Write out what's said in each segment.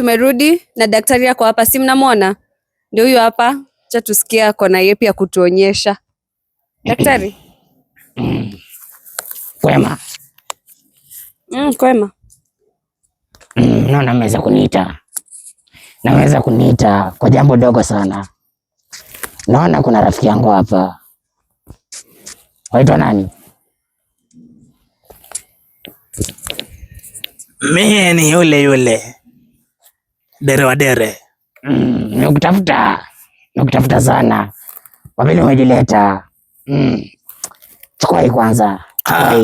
tumerudi na daktari yako hapa, si mnamwona? Ndio huyo hapa, cha tusikia ako na yeye pia kutuonyesha. Daktari kwema? Mm, kwema. Mm, Naona mmeweza kuniita, naweza kuniita kwa jambo dogo sana. Naona kuna rafiki yangu hapa, waitwa nani? Mimi ni yule yule dere wa dere. Mm, nikutafuta nikutafuta sana, wavile umejileta. Mm, chukua hii kwanza. Ah,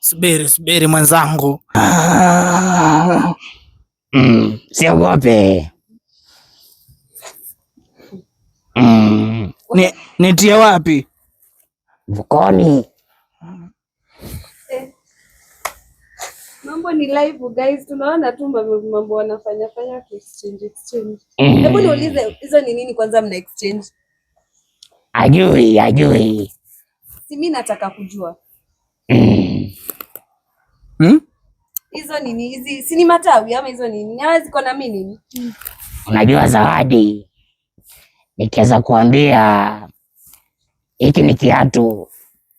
subiri subiri mwenzangu. Ah, mm, siogope. Mm, nitie wapi? Mfukoni. mambo ni live guys, tunaona tu mambo wanafanya fanya ku exchange exchange. Mm. Hebu niulize hizo ni nini kwanza, mna exchange? Ajui, ajui, si mimi nataka kujua mm. hmm? hizo nini hizi, si ni matawi ama hizo nini? Hawa ziko na mimi nini? Unajua zawadi, nikiweza kuambia hiki ni kiatu,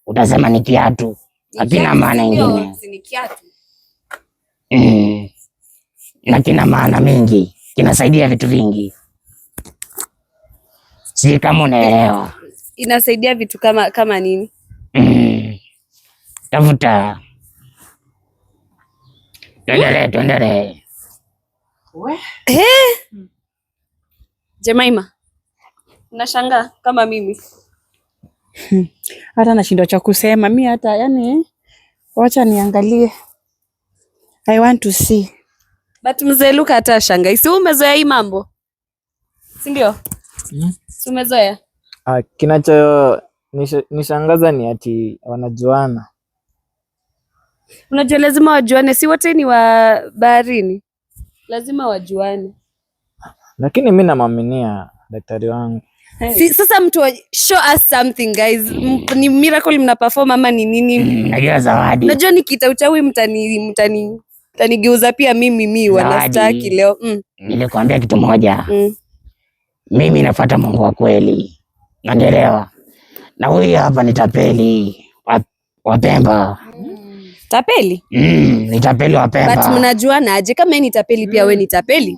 utasema ni kiatu, hakina maana ingine. ni kiatu mm. na kina maana mingi, kinasaidia vitu vingi, si kama unaelewa. Inasaidia vitu kama kama nini? mm. Tafuta, tuendelee tuendelee. Jemaima, nashangaa kama mimi hata nashindwa cha kusema mi hata yani, wacha niangalie I want to see. But mzee Luka hata ashangai. Si umezoea hii mambo si ndio? Mm. Si umezoea? Ah, kinacho nishangaza ni ati wanajuana. Unajua lazima wajuane, si wote ni wa baharini, lazima wajuane. Lakini mi namwaminia daktari wangu. Si, sasa mtu wa, show us something guys. Ni miracle mna perform ama ni nini? Hmm, najua zawadi. Najua nikita uchawi mtani mtani tanigeuza pia mimi mi wanastaki leo mm. Nilikwambia kitu moja mm. Mimi nafuata Mungu wa kweli, nanielewa na huyu hapa ni tapeli Wapemba Tapeli mm, ni tapeli Wapemba. But mnajuana aje kama yeye ni tapeli pia mm. We ni mm. tapeli?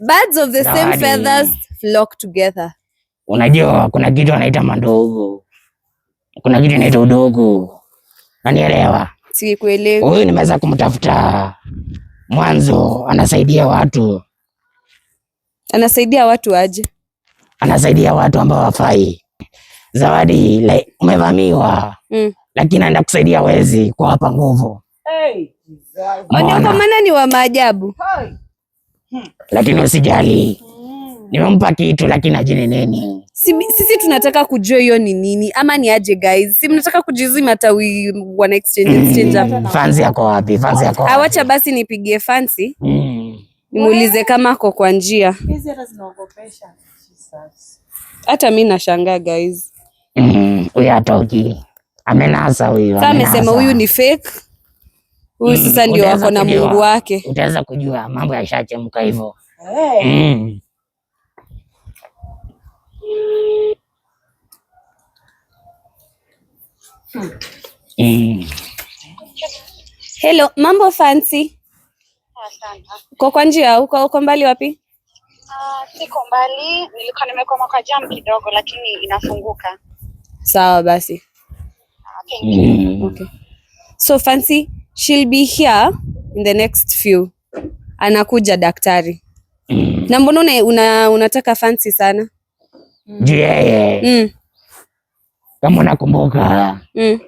Birds of the same feathers flock together. Unajua kuna kitu anaita mandogo, kuna kitu inaita udogo, nanielewa Sikuelewi. Huyu nimeweza kumtafuta mwanzo, anasaidia watu. Anasaidia watu aje? Anasaidia watu ambao wafai Zawadi umevamiwa mm, lakini anaenda kusaidia wezi kuwapa nguvu. Hey, kwa maana ni wa maajabu hey. Hmm. Lakini usijali nimempa kitu lakini ajini nini. Sisi tunataka kujua hiyo ni nini, ama ni aje guys? Si mnataka kujizima tawi wana exchange mm. exchange hapa. Mm. Fancy yako wapi? Fancy yako Awacha basi nipigie Fancy. Mm. Nimuulize kama ako kwa njia. Hizi hata zinaogopesha. Hata mimi nashangaa guys. Mm. Huyu hatoki. Amenasa huyu. Sasa amesema huyu ni fake. Huyu mm. sasa ndio wako na Mungu wake. Utaweza kujua mambo yashachemka hivyo. Hey. Mm. Hmm. Hello, mambo Fancy. Asante. Uko kwa njia, uko uko mbali wapi? Uh, siko mbali, nilikuwa nimekwama kwa jam kidogo lakini inafunguka. Sawa basi. Thank hmm. Okay. So Fancy, she'll be here in the next few. Anakuja daktari. Mm. Na mbona una, unataka Fancy sana? Mm. juu yeye mm. Kama unakumbuka mm.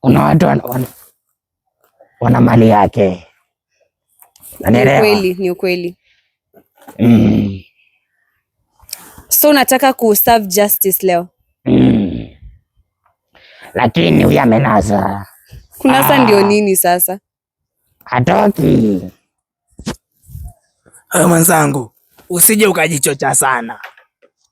kuna watu wana, wana, wana mali yake, nanielewa. Ni ukweli, ni ukweli mm. So unataka ku serve justice leo mm. Lakini huyu amenasa kunasa ah. Ndio nini sasa hatoki. Mwenzangu, usije ukajichocha sana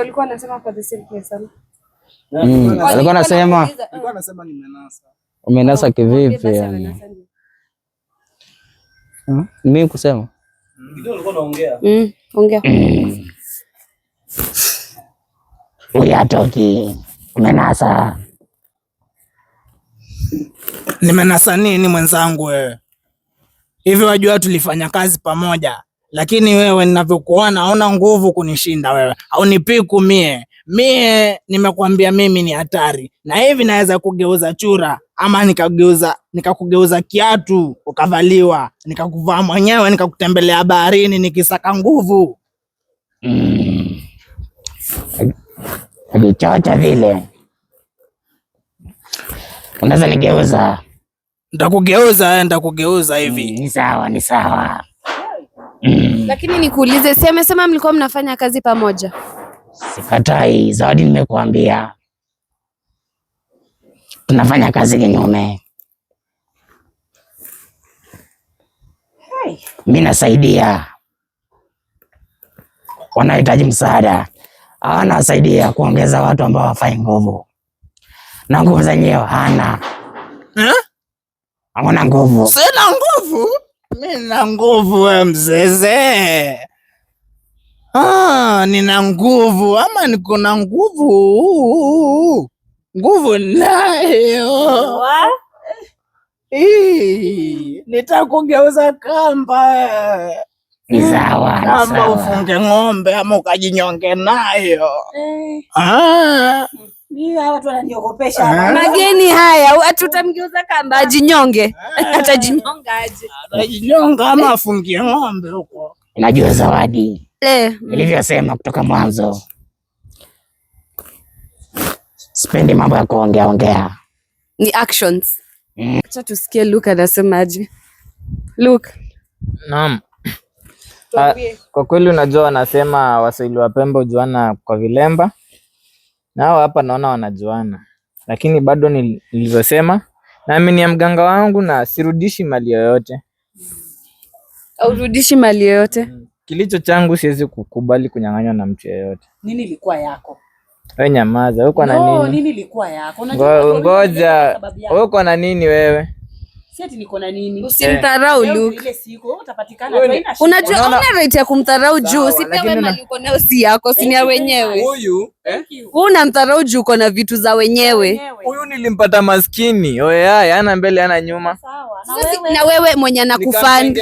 alikuwa anasema mm, Umenasa oh, kivipi yani? Hmm? Mimi kusema mm, mm, uyatoki umenasa. Nimenasa nini mwenzangu wewe? Hivi wajua tulifanya kazi pamoja lakini wewe ninavyokuona naona nguvu kunishinda wewe, au nipiku mie mie. Nimekwambia mimi ni hatari, na hivi naweza kugeuza chura ama nikageuza nikakugeuza kiatu ukavaliwa, nikakuvaa mwenyewe, nikakutembelea baharini nikisaka nguvu mm. Ajichocha vile unaweza nigeuza, ntakugeuza, ntakugeuza hivi. Mm, ni sawa, ni sawa Mm. Lakini nikuulize, si amesema mlikuwa mnafanya kazi pamoja? Sikatai, Zawadi, nimekuambia tunafanya kazi kinyume. Mimi nasaidia wanahitaji msaada, hawana wasaidia kuongeza watu ambao wafai nguvu, na nguvu zenyewe hana, hawana nguvu, sina nguvu Mina nguvu we mzeze, ah, nina nguvu ama niko na nguvu, nguvu nayo nitakugeuza kamba Izawa, kamba ufunge ng'ombe ama ukajinyonge nayo eh. Ah. Mageni haya atutamgeuza kamba ajinyonge, atajinyonga aje? Atajinyonga ama afungie ng'ombe huko. Najua zawadi mm. nilivyosema kutoka mwanzo, sipendi mambo ya kuongea ongea, ni actions. Mm. Acha tusikie Luke anasemaje. Luke. Naam. Ah, kwa kweli, unajua wanasema Waswahili wapemba hujuana kwa vilemba na hawa hapa naona wanajuana, lakini bado nilivyosema, nami ni mganga wangu na sirudishi mali yoyote. Aurudishi mali yoyote? Mm. Kilicho changu siwezi kukubali kunyang'anywa na mtu yeyote. Nini ilikuwa yako? We nyamaza, uko na nini? Ngoja, uko na nini wewe? Siati Usimdharau Luke. Unajua right ya kumdharau juu, si pia wewe uko nayo si yako, si ya wenyewe. Huyu eh? Unamdharau juu uko na vitu za wenyewe. Huyu nilimpata maskini. Oye haya, mbele ana nyuma. Na wewe mwenye anakufani.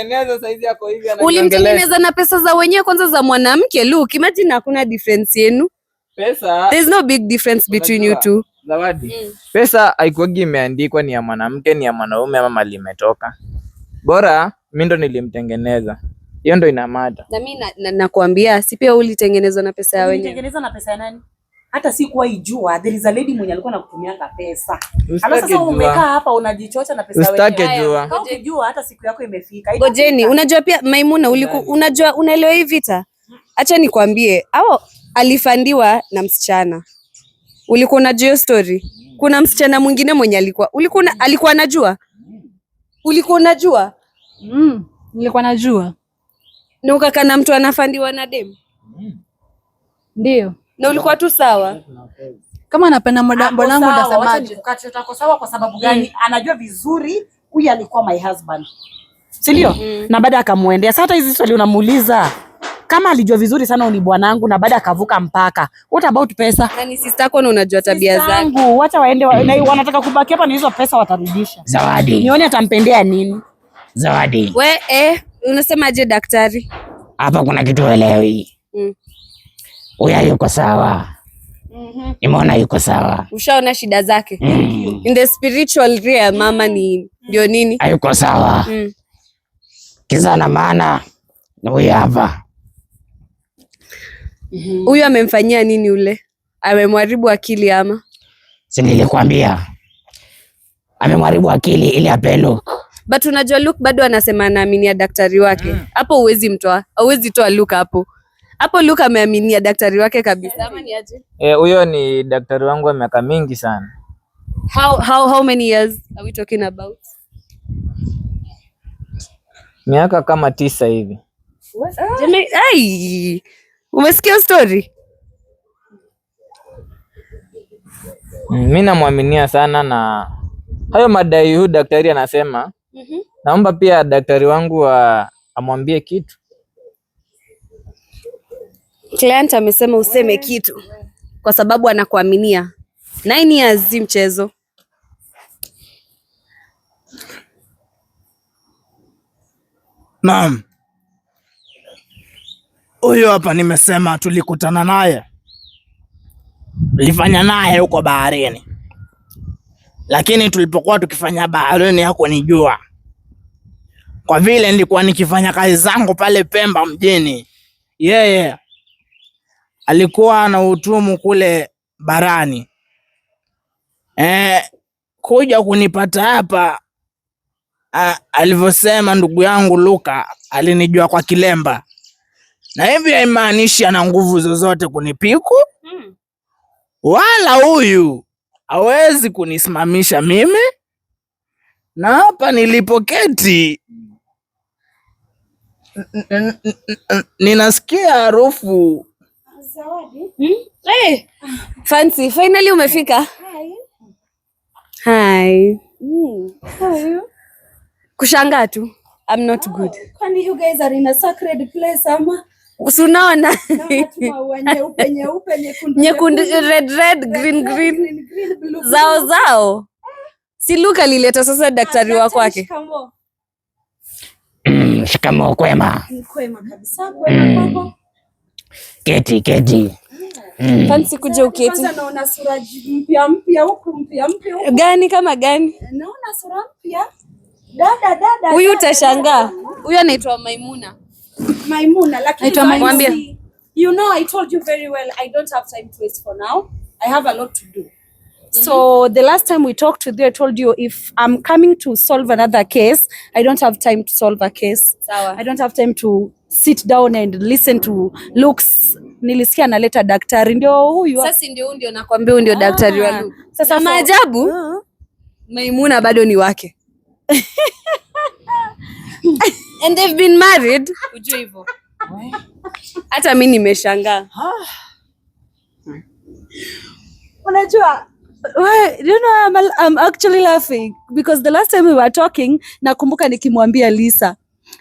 Ulimtengeneza na pesa za wenyewe kwanza za mwanamke Luke. Imagine hakuna difference yenu. Pesa. There's no big difference between you two. Zawadi. Mm. Pesa haikuwagi imeandikwa ni ya mwanamke, ni ya mwanaume ama mali imetoka. Bora mi ndo nilimtengeneza. Hiyo ndo ina mada. Na mi nakuambia na, na si pia ulitengenezwa na pesa ya wenyewe. Ulitengenezwa na pesa ya nani? Hata sikuwa ijua there is a lady mwenye alikuwa anakutumia ka pesa. Alafu sasa umekaa hapa unajichocha na pesa wewe. Usitake jua. Kama ukijua hata siku yako imefika. Gojeni, unajua pia Maimuna uliku, unajua unaelewa hii vita. Acha nikwambie, hao alifandiwa na msichana. Ulikuwa unajua story? Kuna msichana mwingine mwenye alikuwa ulikuwa alikuwa anajua? Ulikuwa unajua? Mm, nilikuwa najua. Na ukakaa na mtu anafandiwa na mm. Ndio. Na ulikuwa tu sawa? Kama anapenda mwanangu ndasemaje? Kati utako sawa kwa sababu mm. gani? Anajua vizuri huyu alikuwa my husband. Si ndio? Mm. Na baada akamwendea Sasa hizi swali unamuuliza kama alijua vizuri sana ni bwanangu na baada akavuka mpaka. What about pesa? Na ni sister yako na unajua tabia zangu. Wacha waende wa, na wanataka kubaki hapa na hizo pesa watarudisha. Zawadi. Nione atampendea nini? Zawadi. We, eh, unasemaje daktari? Hapa kuna kitu elewi. Mm. Uya yuko sawa. Mm-hmm. Nimeona yuko sawa. Ushaona shida zake. Mm. In the spiritual realm mama ni ndio nini? Hayuko sawa. Mm. Kiza na maana ni huyu hapa. Mhm. Huyu amemfanyia nini ule? amemwaribu akili ama? Si nilikwambia amemharibu akili ili ape Luke. But unajua Luk bado anasema anaaminia daktari wake mhm. hapo. Mm. Uwezi mtoa, uwezi toa Luk hapo hapo. Luk ameaminia daktari wake kabisa ni Eh, huyo ni daktari wangu wa miaka mingi sana. How, how, how many years are we talking about? Miaka kama tisa hivi. Ah. Umesikia story? Mimi namwaminia sana na hayo madai huyu daktari anasema. mm -hmm. Naomba pia daktari wangu wa, amwambie kitu. Client amesema useme kitu kwa sababu anakuaminia. Nine years zi mchezo. Naam. Huyo hapa nimesema tulikutana naye, tulifanya naye huko baharini, lakini tulipokuwa tukifanya baharini hakunijua kwa vile nilikuwa nikifanya kazi zangu pale Pemba mjini. Yeye Alikuwa na utumu kule barani eh, kuja kunipata hapa alivyosema ndugu yangu Luka, alinijua kwa kilemba na hivyo haimaanishi ana nguvu zozote kunipiku hmm. Wala huyu hawezi kunisimamisha mimi, na hapa nilipoketi ninasikia harufu hmm? eh, Fancy, finally umefika. Hi. Hmm. Kushangaa tu. I'm not oh, good. Kwani you guys are in a sacred place ama Unaona nyekundu, red red, green green, zao zao. Si Luka alileta sasa ah, daktari wa kwake. Shikamo, mm, Kwema Kwema kwema kabisa, mm. keti, keti. Mm. Fansi kuja yaani uketi. Naona sura mpya mpya huku mpya mpya huku. Gani kama gani? Naona sura mpya. Dada dada. Huyu utashangaa. Huyu anaitwa Maimuna. Maimuna, lakini mwambie you know I told you very well I don't have time to waste for now I have a lot to do mm-hmm. so mm -hmm. the last time we talked with you I told you if I'm coming to solve another case I don't have time to solve a case Sawa. I don't have time to sit down and listen to looks nilisikia analeta daktari ndio huyu sasa ndio ndio nakwambia ndio ah, daktari wa look sasa maajabu ah. Maimuna bado ni wake And they've been married. Ujue hivyo. Hata mimi nimeshangaa. Unajua Why, you know, I'm, I'm actually laughing because the last time we were talking nakumbuka nikimwambia Lisa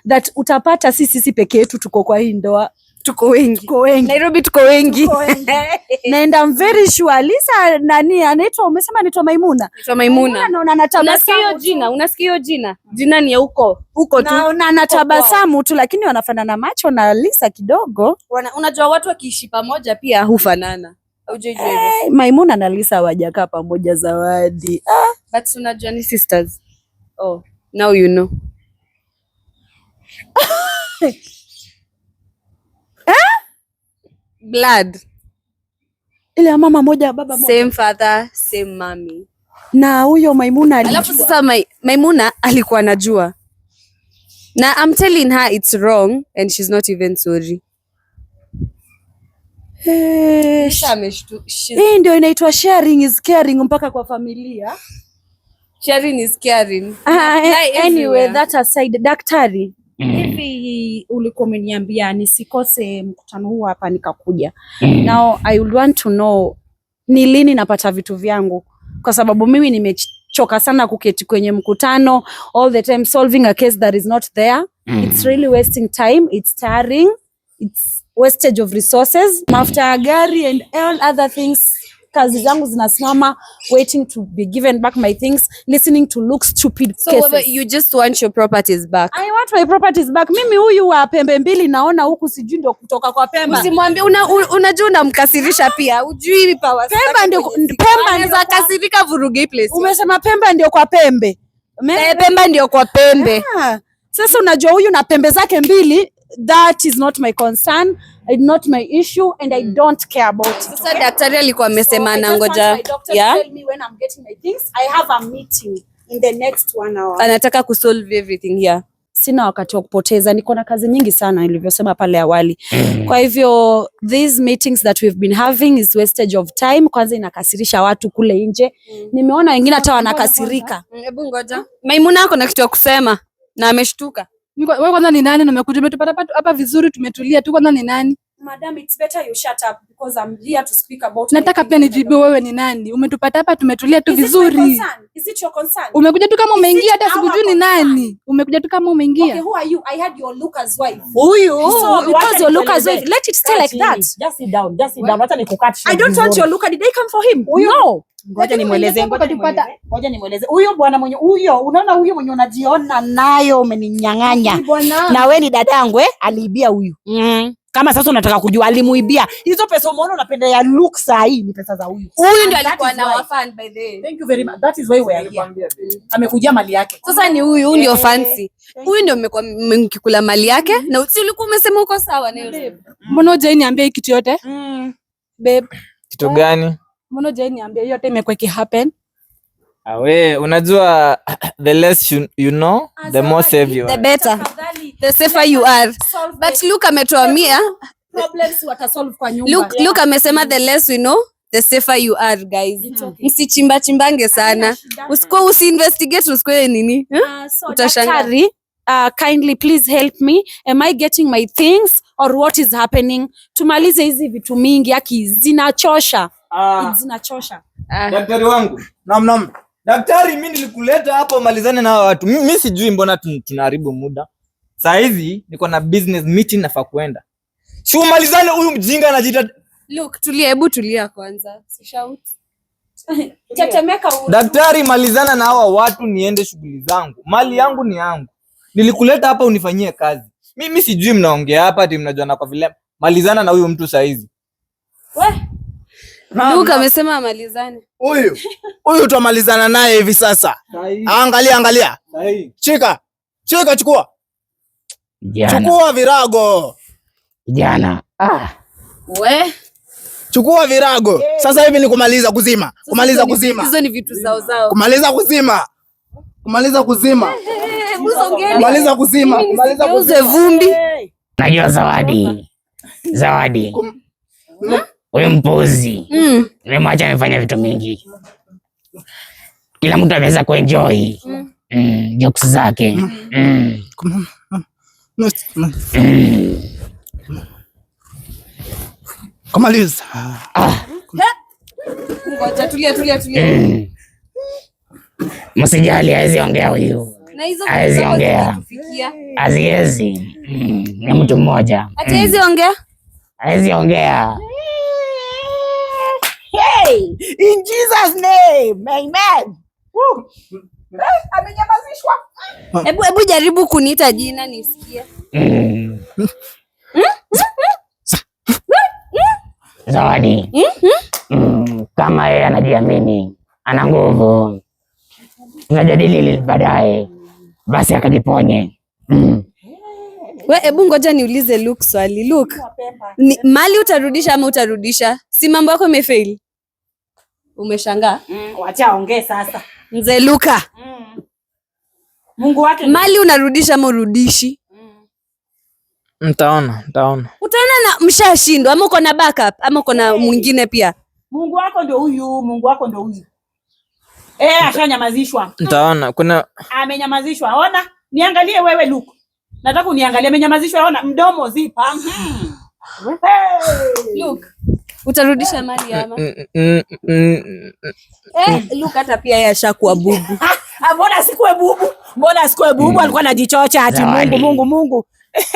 that utapata sisi si peke yetu tuko kwa hii ndoa tuko wengi, tuko wengi. Nairobi tuko wengi, tuko wengi. And I'm very sure Lisa nani anaitwa, umesema anaitwa Maimuna, anaitwa Maimuna. Naona anatabasamu jina, unasikia hiyo jina, jina ni ya huko huko tu, na anatabasamu tu, lakini wanafanana macho na Lisa kidogo. Wana, Unajua watu wakiishi pamoja pia hufanana Hey, eh, Maimuna na Lisa wajakaa pamoja zawadi. Ah, but unajua ni sisters. Oh, now you know. blood ile ya mama moja baba moja, same father same mommy. Na huyo Maimuna alijua, alafu sasa Mai, Maimuna alikuwa anajua, na I'm telling her it's wrong and she's not even sorry. Eh, hii hey, ndio inaitwa sharing is caring mpaka kwa familia. Sharing is caring. Ah, eh, anyway, that aside, daktari Mm. hivi ulikuwa umeniambia nisikose mkutano huu hapa nikakuja. Mm. Now I would want to know ni lini napata vitu vyangu, kwa sababu mimi nimechoka sana kuketi kwenye mkutano all the time solving a case that is not there. Mm. It's really wasting time, it's tiring, it's wastage of resources, mafuta ya gari and all other things kazi zangu zinasimama waiting to be given back my things listening to look stupid so cases. you just want your properties back I want my properties back mimi huyu wa pembe mbili naona huku sijui ndio kutoka kwa Pemba usimwambie una, unajua unamkasirisha pia ujui power Pemba ndio Pemba ndio kasirika vurugi place umesema Pemba ndio kwa pembe Meme, eh, Pemba ndio kwa pembe yeah. Sasa unajua huyu na pembe zake mbili that is not my concern It's not my issue and I mm. don't care about it. Sasa okay? Daktari alikuwa amesema na ngoja. Yeah. Tell me when I'm getting my things. I have a meeting in the next one hour. Anataka kusolve everything here. Sina wakati wa kupoteza, niko na kazi nyingi sana nilivyosema pale awali. Mm. Kwa hivyo these meetings that we've been having is wastage of time. Kwanza inakasirisha watu kule nje, mm. nimeona wengine hata wanakasirika. Hebu ngoja, Maimuna ako na kitu ya kusema na ameshtuka. Wewe kwanza ni nani? Tumekuja umetupata hapa vizuri, tumetulia tu. Kwanza ni nani? Madam, it's better you shut up because I'm here to speak about. Nataka pia nijibu wewe ni nani? Umetupata hapa tumetulia tu vizuri. Is it your concern? Umekuja tu kama umeingia hata sikujui ni nani. Umekuja tu kama umeingia. Okay, who are you? I had your look as wife. Huyu. So oh, because your look as wife, let it stay like that. Just sit down. Just sit down. Hata nikukat. I don't want your look. Did they come for him? No. Ngoja nimweleze, ngoja nimweleze huyo bwana mwenye huyo. Unaona huyo mwenye unajiona nayo umeninyang'anya, na wewe ni dadangu eh, aliibia huyu mm. Kama sasa unataka kujua alimuibia hizo pesa, umeona unapenda ya look saa hii ni pesa za huyu. Huyu ndio alikuwa na wa fan by the way. Thank you very much. That is why we are here. Amekuja mali yake. Sasa ni huyu, huyu ndio eh, fancy. Eh, eh. Huyu ndio mmekuwa mkikula mali yake mm-hmm. na si ulikuwa umesema uko sawa na yule. Mm. Mbona hujaniambia hii kitu yote? Mm. Babe. Kitu gani? Mbona hujaniambia hiyo yote imekuwa ki happen? Awe, ah, unajua the less you know, the more save you. The better the safer you are. But look ametuambia problems watasolve kwa nyumba. Look, yeah. Look amesema the less we know the safer you are guys. Okay. Msichimba chimbage sana. Usikuwa usiinvestigate usikuwe nini? Uh, so utashangaa. Uh, kindly please help me am I getting my things or what is happening? Tumalize hizi vitu mingi aki zinachosha. Ah. Zinachosha. Ah. Daktari wangu. Naam, naam. Daktari, mimi nilikuleta hapo malizane na watu. Mimi sijui mbona tunaharibu muda. Saa hizi niko na business meeting nafaa kuenda. Si umalizane huyu mjinga anajiita. Look, tulia, hebu tulia kwanza. Shout. Tetemeka huyu. Daktari, malizana na hawa watu niende shughuli zangu. Mali yangu ni yangu. Nilikuleta hapa unifanyie kazi. Mimi sijui mnaongea hapa ati na kwa vile. Malizana na huyu mtu saa hizi. We. Luka amesema amalizane. Huyu. Huyu tuamalizana naye hivi sasa. Angalia, angalia. Sahi. Chika. Chika, chukua. Jana. Chukua virago jana. Ah. We. Chukua virago Hey. Sasa hivi ni kumaliza kuzima, Sasa kumaliza ni, kuzima, hizo ni vitu zao zao, kumaliza kuzima, kumaliza kuzima, Hey, hey, kumaliza kuzima, kumaliza kuzima vumbi. Najua zawadi, zawadi huyu mpuzi nimwacha, mm. amefanya vitu mingi, kila mtu ameweza kuenjoy Mm. Mm. jokes zake Mm. mm. Kamaliza. Mm. Msijali, hawezi ongea huyu, hawezi ongea, haziwezi. Mm. Ni mtu mmoja, mm. hawezi ongea. In Jesus name, amen. Amenyamazishwa. Hebu ah. hebu jaribu kuniita jina nisikie. Zawadi. Kama yeye anajiamini, ana nguvu, tunajadili baadaye, basi akajiponye. We, hebu ngoja niulize Luke swali. Luke, mali utarudisha ama utarudisha? Si mambo yako imefail? Umeshangaa? Mm, wacha ongee sasa. Mzee Luka. Mm. Mungu wake mali unarudisha ama urudishi? Mm. Ntaona, ntaona. Utaona na mshashindwa ama uko na backup ama uko na hey, mwingine pia. Mungu wako ndio huyu, Mungu wako ndio huyu. Eh, ashanyamazishwa. Ntaona. Kuna amenyamazishwa. Ona, niangalie wewe Luke. Nataka uniangalie amenyamazishwa, ona mdomo zipa. Hmm. Hey. Luke. Utarudisha mali ama? Mm, mm, eh, Luke hata pia yeye ashakuwa bubu. Ah, mbona sikuwe bubu? mbona sikuwe Bubu mm. alikuwa anajichocha ati Mungu Mungu Mungu.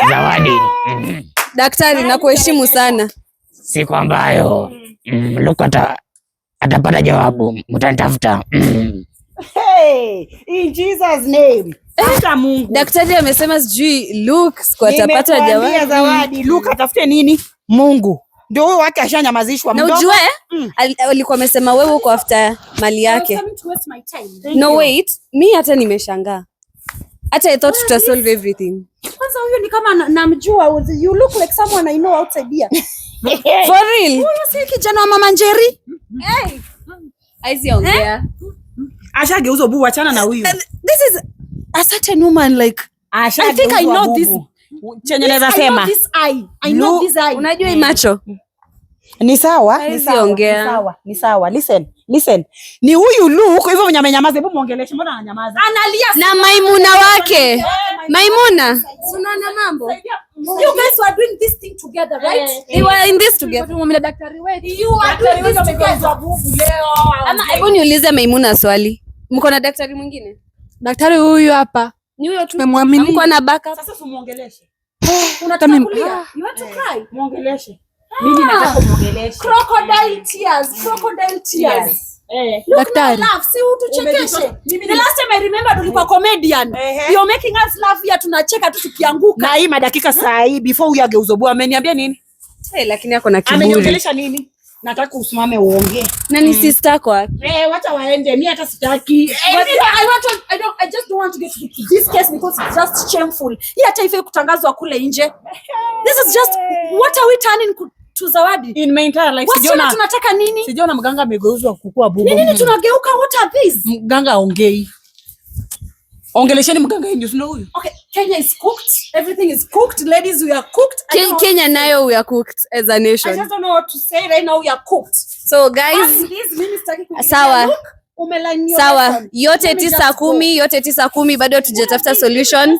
Zawadi. Daktari, nakuheshimu sana. Siku ambayo mm, Luka ata, atapata jawabu mtanitafuta. Mm. Hey, in Jesus name. Sasa eh, Mungu. Daktari amesema sijui Luke siku atapata jawabu. Zawadi, Luke atafute nini? Mungu. Ndio huyo wake ashanyamazishwa mdomo. Na ujue mm. alikuwa amesema wewe uko after mali yake. No wait, mi hata nimeshangaa Acha I thought to solve everything. Kwanza huyo ni kama namjua, you look like someone I know outside here. For real? Huyo si kijana wa Mama Njeri? Hey. Aizi ongea. Eh? geuzo bubu, achana na huyo. This is a certain woman like Asha. I think I know this. Chenye naweza sema. I know this eye. I know this eye. Unajua eh. hii macho? Ni sawa, ni sawa, ni sawa. Listen. Listen. Ni huyu Lu huko hivyo mwenye amenyamaza, hebu muongeleshe, mbona ananyamaza? Analia na Maimuna wake. Maimuna, unaona mambo? You guys were doing this thing together, right? They were in this together. Daktari wetu. You are doing this together. Ama hebu niulize Maimuna swali. Mko na daktari mwingine? Daktari huyu hapa. Ni huyo tu. Tumemwamini. Mko na backup. Sasa tumuongeleshe. Unataka kulia? Ah. You want to cry? Muongeleshe. Mimi ah, nataka kumuongelesha. Crocodile tears, crocodile tears. Eh, daktari. Si utuchekeshe. Mimi the last time I remember tulikuwa eh. comedian. You're making us laugh here tunacheka tu tukianguka. Na hii madakika hmm? saa hii before huyu ageuzoboa ameniambia nini? Eh, lakini yako na kiburi. Ameniongelesha nini? Nataka usimame uongee. Na hmm. sister yako Eh, wacha waende. Mimi hata sitaki. Eh, I want to, I don't, I just don't want to get to this case because it's just shameful. Hii hata ife kutangazwa kule nje. This is just what are we turning tu Zawadi. In my entire life sijaona. Tunataka nini? Sijaona mganga amegeuzwa kukua bubu. Nini tunageuka, what are these? Mganga aongei. Ongelesheni mganga yenu sio Okay, Kenya is cooked. Everything is cooked. Ladies, we are cooked. Ken Kenya nayo we are cooked as a nation. I just don't know what to say right now we are cooked. So guys, ah, sawa. Sawa, yote tisa kumi, yote tisa kumi, bado tujatafuta solution,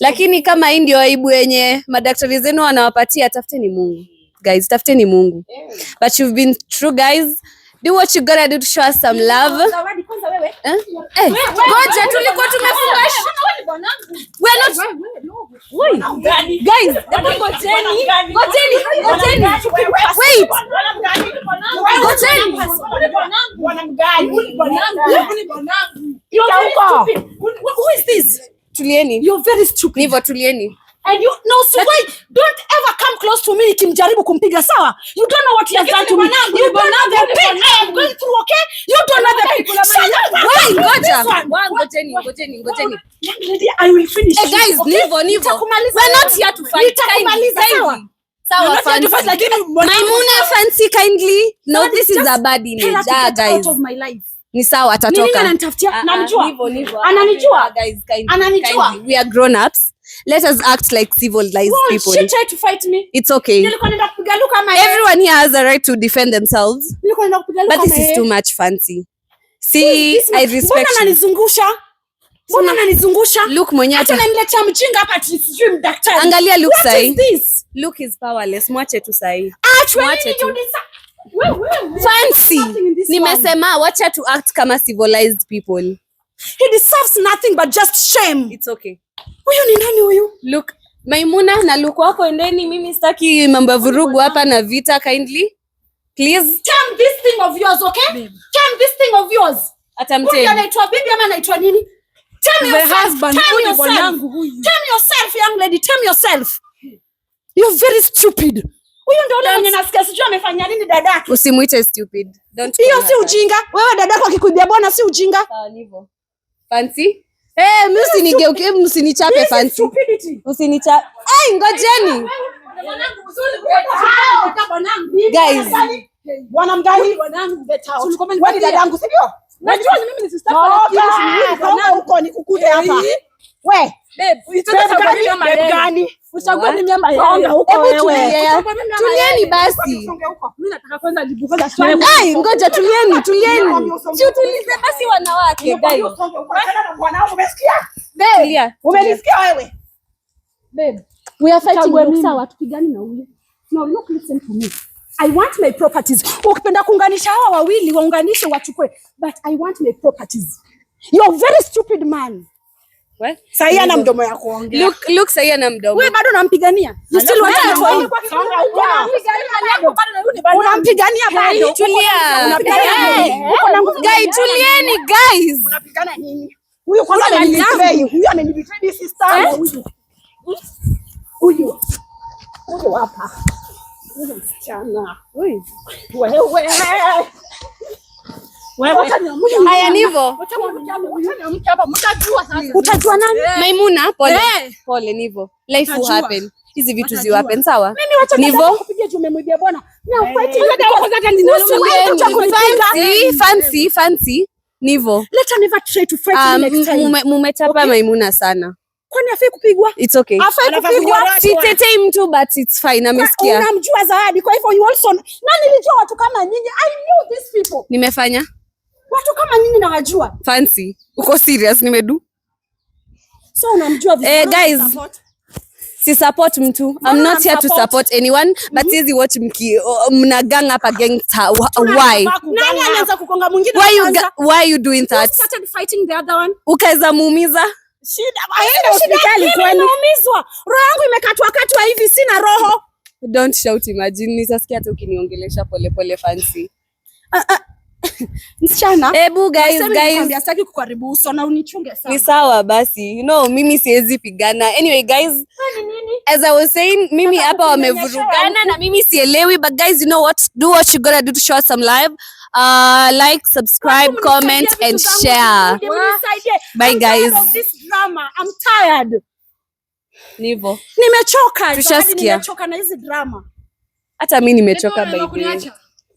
lakini kama hii ndio aibu yenye madaktari zenu wanawapatia, tafuteni Mungu guys, tafuteni Mungu yeah. But you've been true guys, do what you gotta do to show us some love. Ngoja tulikuwa tumefunga Guys, tulieni. You're very stupid. Nivo tulieni. And you, no, siwai, don't ever come close to me ikimjaribu kumpiga sawa. You don't know what he has done to me. You don't know the pain I am going through, okay? You don't know the pain. Ngojeni, ngojeni, ngojeni. Young lady, I will finish. Hey eh, guys, nivo, nivo. We're not here to fight. Nitakumaliza sawa. Sawa, fancy. Fight, like, Maimuna, fancy kindly. No, this is a bad image. Ah, guys. Out of my life. Ni sawa atatoka. Ah, ah, Ananijua. Ananijua. Ah, guys, kindly. Ananijua. We are grown ups. Let us act like civilized well, people. She tried to fight me. It's okay. Everyone here has a right to defend themselves. But this is too much fancy. See, I is powerless. Mwache tu ah, Nimesema wacha tu act kama civilized people. He deserves nothing but just shame. It's okay huyu ni nani huyu? Look, Maimuna na look wako endeni, mimi sitaki mambo ya vurugu hapa na vita kindly. Please. Charm this thing of yours, okay? Charm this thing of yours. Atamte. Huyu anaitwa bibi ama anaitwa nini? Tell yourself, tell huyu. Charm yourself, young lady, charm yourself. You're very stupid. Huyu ndio yule mwenye nasikia sijui amefanya nini dadake. Usimuite stupid. Don't. Hiyo si ujinga. Wewe dadako akikuibia bwana si ujinga. Sawa, hivyo. Fancy? Eh, mimi msinigeuke, msinichape fancy. Usinicha. Ai, ngojeni. Guys, bwana Wanangu Bwana mgani? Wewe dadangu, si ndio? Najua ni mimi ni sister yako lakini si huko nikukute hapa. We, tulieni basi, ngoja tulieni, tulieni, tulize basi wanawake. We are fighting sawa, tupigani na huyu. Now look, listen to me. I want my properties. Ukipenda kuunganisha hawa wawili waunganishe wachukue, but I want my properties. You are very stupid man. What? sahi ana mdomo ya kuongea. Look, look sahi ana mdomo. Wewe bado unampigania. You still want to go. Unampigania bado. Tulia. Guys, tulieni guys. Unapigana nini? Huyu kwanza amenibetray. Huyu amenibetray sister. Eh? Huyu. Huyu. Huyu hapa. Haya nivo, utajua nani? Maimuna, pole pole, nivo, life will happen, hizi vitu zi happen, sawa nivo. Fancy fancy nivo, um, mumechapa Maimuna sana kwani afai kupigwa? It's okay. Afai kupigwa. Sitetei mtu but it's fine. Amesikia. Unamjua Zawadi. Kwa hivyo you also na nilijua watu kama nyinyi. I knew these people. Nimefanya. Watu kama nyinyi nawajua. Fancy. Uko serious nimedu? So unamjua vizuri. Eh, guys. Si support mtu. I'm not here to support anyone but mm mm-hmm. hizi Watch mki mna gang up against her. Why? Nani anaanza kukonga mwingine? Why you why you doing that? You started fighting the other one. Ukaweza muumiza? Shida aenda hospitali kwani? Nimeumizwa, roho yangu imekatwa katwa hivi, sina roho. Don't shout, imagine nitasikia hata ukiniongelesha pole pole fancy. Ah ah. Msichana, hebu guys guys, niambia sitaki kukaribu uso na unichunge sana. Ni sawa basi. You know mimi siwezi pigana. Anyway guys, as I was saying, mimi hapa wamevurugana yaani na mimi sielewi, but guys, you know what? Do what you gotta do to show us some love. Uh, like, subscribe, comment and share. Bye guys drama. I'm tired. Nivo. Nimechoka. Tushasikia. Nimechoka na hizi drama. Hata mimi nimechoka baby.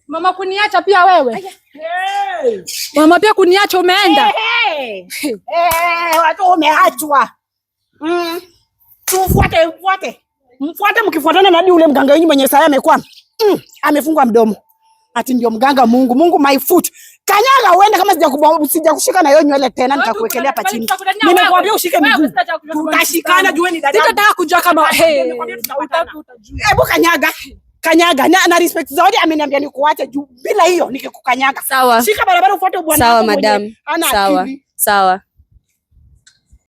Mama kuniacha pia wewe. Hey. Mama pia kuniacha umeenda. Hey. Hey, watu umeachwa. Mm. Tufuate, mfuate. Mfuate mkifuatana na yule mganga wenyu mwenye saa amekwama. Mm. Amefungwa mdomo. Ati ndio mganga Mungu. Mungu my foot. Kanyaga uende, kama sijakushika na hiyo nywele tena nitakuwekelea hapa chini. ushike miguu. Tutashikana juu ni dada. Sitataka kujua kama hebu kanyaga. Kanyaga na, na respect zaidi ameniambia nikuache juu bila hiyo nikikukanyaga. Sawa. Shika barabara ufuate bwana. Sawa madam. Sawa. Sawa.